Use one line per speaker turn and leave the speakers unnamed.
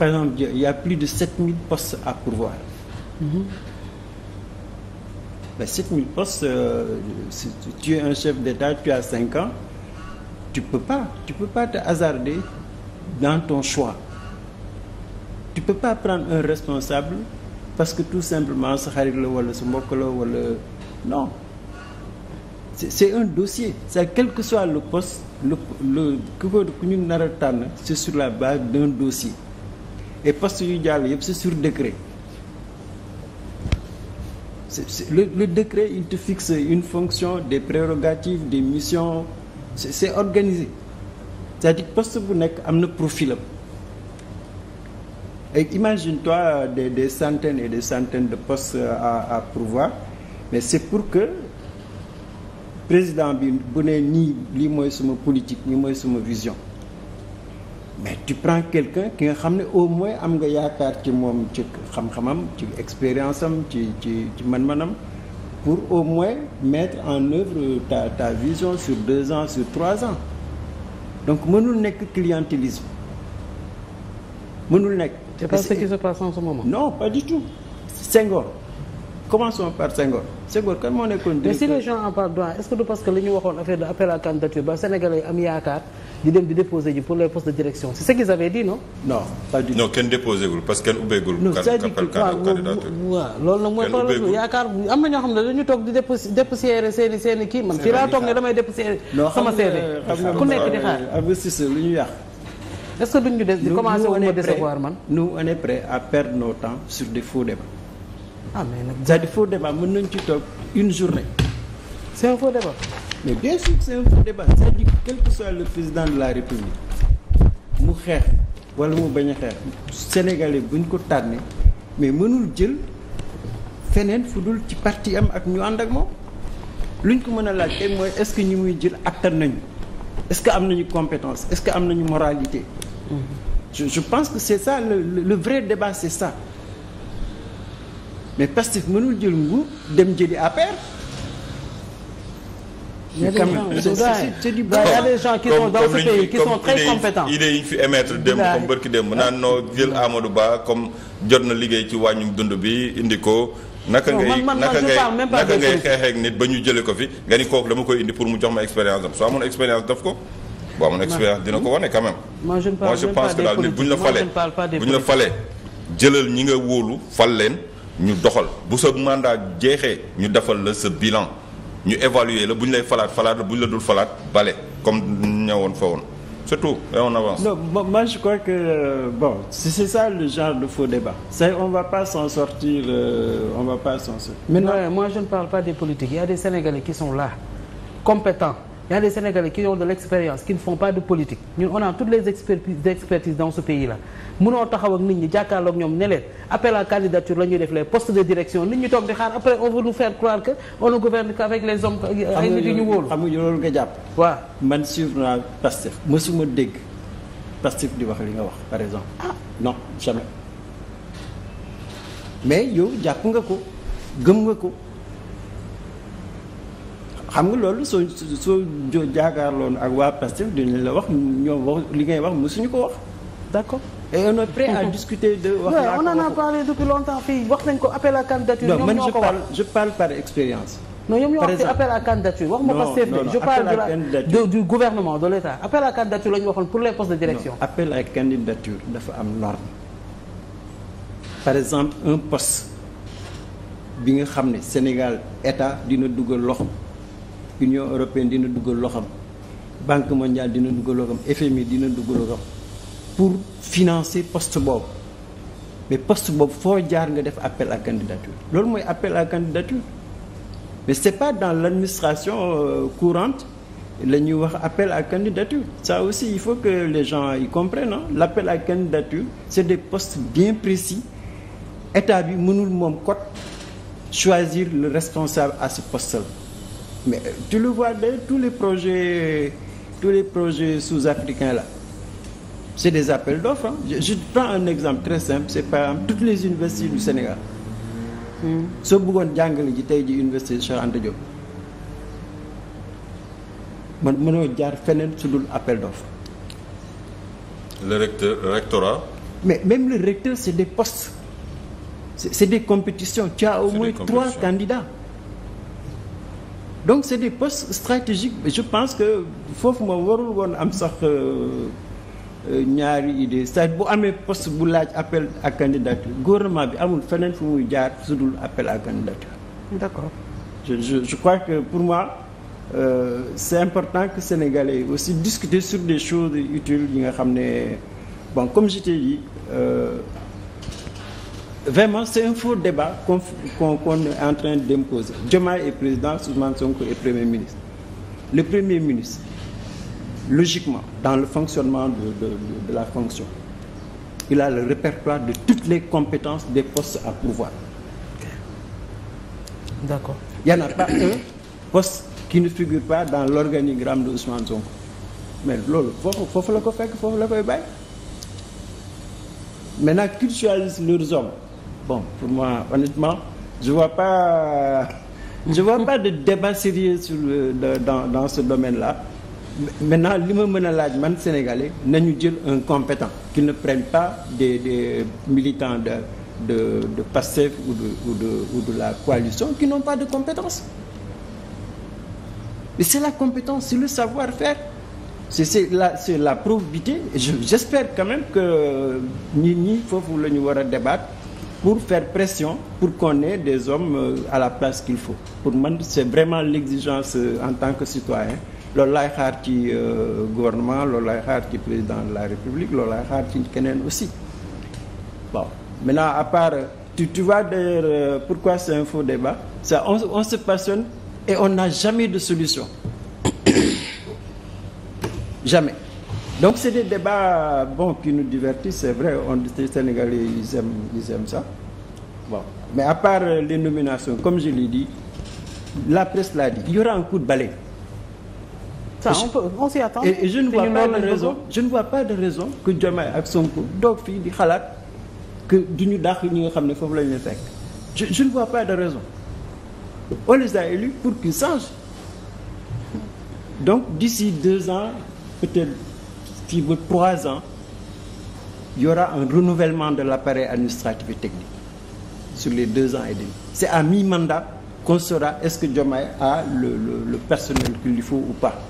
par exemple y a plus de 7000 postes à pourvoir. Mm -hmm. ben, 7000 postes, euh, tu es un chef d'État, tu as cinq ans, tu peux pas, tu peux pas te hasarder dans ton choix. Tu peux pas prendre un responsable parce que tout simplement sa xarit la wala sa mbokk la wala non. c'est un dossier c'est quel que soit le poste le le ku ko ku ñu nar a tànn c'est sur la base d'un dossier et poste yu jàll yëpp c'est sur décret le, le décret il te fixe une fonction des prérogatives des missions c'est, organiser organisé cest à bu nekk am na profilam et imagine-toi des des centaines et des centaines de postes à à pourvoir mais c'est pour que président bi bu ne nii lii mooy sama politique lii mooy sama vision mais tu prends quelqu'un ki nga xam ne au moins am nga yaakaar ci moom ci xam-xamam ci expérience am ci ci ci man-manam pour au moins mettre en œuvre ta ta vision sur deux ans sur trois ans donc mënul nekk clientélisme mënul nekk. c'est pas ce qui se passe en ce non pas du tout Senghor commençons par Senghor Senghor kan moo nekkoon. mais si
les gens en parlent est du parce que li ñu waxoon affaire de appel à candidature ba Sénégalais am yaakaar. di dem di déposer ji pour les postes de direction c'est ce qu'ils avaient dit non.
non pas du tout non kenn déposé gul parce que kenn ubbeegul. waaw
loolu nag mooy problème bi yaakaar am na ñoo xam ne dañu toog di dépoussiérer seen i seen i kii man. fii laa toog ne damay dépoussiérer. sama CV ku nekk di xaar
lu ñu yàq.
est-ce que duñ ñu des di commencer wu ma décevoir man.
nous on est prêt à perdre nos temps sur des faux débats. ah mais nag c'est-à-dire faux débat mën nañ ci toog une journée. c'est un mais bien sûr c'est un faux débat cest à soit le président de la république mu xeex walla mu bañ a xeex sénégalais bu ñu ko tànnee mais mënul jël feneen fu dul ci parti am ak ñu ànd ak moom luñ ko mën a laaj tey mooy est-ce que ñi muy jël attan nañu est-ce que am nañu compétence est-ce que am nañu moralité mm-hmm. je, je pense que c'est ça le, le, le vrai débat c'est ça mais Pastef mënul jël nguur dem jëli APR Il y a des gens qui sont dans ce pays qui sont très compétents. idée yi ñu fi émettre démb comme bërki démb naan noo jël Amadou Ba comme jot na liggéey ci wàññum dund bi indi ko naka ngay naka ngay naka ngay xeexee ak nit ba ñu jëlee ko fi nga ni kooku dama koy indi pour mu jox ma expérience am soo amoon expérience daf ko boo amoon expérience dina ko hmm? wane quand même
moi pense que daal nit bu ñu la falee bu ñu la falee
jëlal ñi nga wóolu fal leen ñu doxal bu sa mandat jeexee ñu defal la sa bilan ñu évaluer la bu ñu lay falaat falaat la bu ñu la dul falaat bale comme ñëwoon fa woon surtout et on avance. non moi je crois que bon c'est ça le genre de faux débat. c'est on va pas s'en sortir euh, on va pas s'en sortir.
maintenant moi je ne parle pas des politiques y a des Sénégalais qui sont là compétents. y a des Sénégalais qui ont de l'expérience qui ne font pas de politique ñun on a toutes les expertises expertises dans ce pays là mënoo taxaw ak nit ñi jàkkaarloog ñoom ne leen appel candidature la def les postes de direction nit ñi toog di xaar après on veut nous faire que on ne gouverne qu'avec les hommes ay nit ñu wóolu xam loolu nga jàpp waaw
man suivre naa Pastef mësuma dégg Pastef di wax li nga wax par exemple ah non jamais mais yow jàpp nga ko gëm ko xam nga loolu soo soo jaakaarloon ak waa Pastef dinañ la wax ñoom wax li ngay wax mësuñu ko wax d'accord et on est prêt à discuter de. wax naa ko on en a
parlé depuis longtemps fii wax nañ ko appel à candidature. ñoom ñoo ko wax non man je parle je parle par expérience. non ñoom ñoo wax ci appel à candidature wax ma Pastef de je parle de la de du gouvernement de l'État appel à candidature la ñu waxoon pour les postes de direction. non appel à candidature dafa am norme
par exemple un poste bi nga xam ne Sénégal état dina dugal loxo. Union européenne dina duggal loxam Banque mondiale dina duggal loxam FMI dina duggal loxam pour financer post boobu mais poste boobu foo jaar nga def appel à candidature loolu mooy appel à candidature mais c'est pas dans l'administration euh, courante la ñuy wax appel à candidature ça aussi il faut que les gens y comprennent hein l'appel à candidature c'est des postes bien précis état bi mënul moom code choisir le responsable à ce poste mais tu le vois d'ailleurs tous les projets tous les projets sous-africains la c'est des appels d'offres hein. je, je un exemple très simple c'est par exemple toutes les universités du Sénégal hmm. soo bëggoon jàngale ji tey ji université Cheikh Anta Diop man mënoo jaar feneen su dul appel d'offres le recteur le rectorat mais même le recteur c'est des postes c'est, c'est des compétitions tu as au moins trois candidats donc c' est des postes stratégiques je pense que foofu ma warul woon am sax euh, euh, ñaari idée cest à bu amee poste bu laaj appel ak candidature gouvernement bi amul feneen fu muy jaar su dul appel à candidature d'accord je, je, je crois que pour moi euh, c'est important que Sénégalais yi aussi discuter sur des choses utiles yi nga xam ne bon comme je yi dit euh, vraiment c'est un faux débat qu'on qu'on qu'on est en train d'imposer Diomaye et président Ousmane Sonko est premier ministre le premier ministre logiquement dans le fonctionnement de la fonction il a le répertoire de toutes les compétences des postes à pouvoir. D'accord. Il n'y en a pas un poste qui ne figure pas dans l'organigramme de Ousmane Sonko. Mais loolu foofu foofu la ko fekk foofu la koy bàyyi. Maintenant, qu'ils choisissent leurs hommes. bon, pour moi, honnêtement, je vois pas, je vois pas de débat sérieux sur le, de, dans, dans, ce domaine-là. Maintenant, man sénégalais, nous dit un compétent, qu'ils ne prennent pas des, des militants de, de, de PASSEF ou de, ou de, ou de la coalition qui n'ont pas de compétences. Mais c'est la compétence, c'est le savoir-faire. C'est la, la probité. J'espère quand même que Nini, il faut le débattre. pour faire pression pour qu'on ait des hommes euh, à la place qu'il faut pour man c'est vraiment l'exigence euh, en tant que citoyen loolu laay xaar ci euh, gouvernement loolu laay xaar ci président de la république loolu laay xaar ci keneen aussi bon maintenant à part tu tu vois d'ailleurs pourquoi c'est un faux débat ça on, on se passionne et on n'a jamais de solution jamais Donc c'est des débats bon, qui nous divertissent, c'est vrai, on, les Sénégalais, ils aiment, ils ça. Bon. Mais à part euh, les nominations, comme je l'ai dit, la presse l'a dit, il y aura un coup de balai.
Ça, on, peut, on s'y attend. Et, je, ne vois pas de raison,
je ne vois pas de raison que Diomaye ak Sonko doog fii di xalaat que duñu dàq ñi nga xam ne foofu la ñu fekk je je ne vois pas de raison on les a élus pour qu'ils sange donc d'ici deux ans peut-être fii ba trois ans il y aura un renouvellement de l'appareil administratif et technique sur les deux ans et demi c'est à mi-mandat qu'on est-ce que Diomaye a le, le, le personnel qu'il lui faut ou pas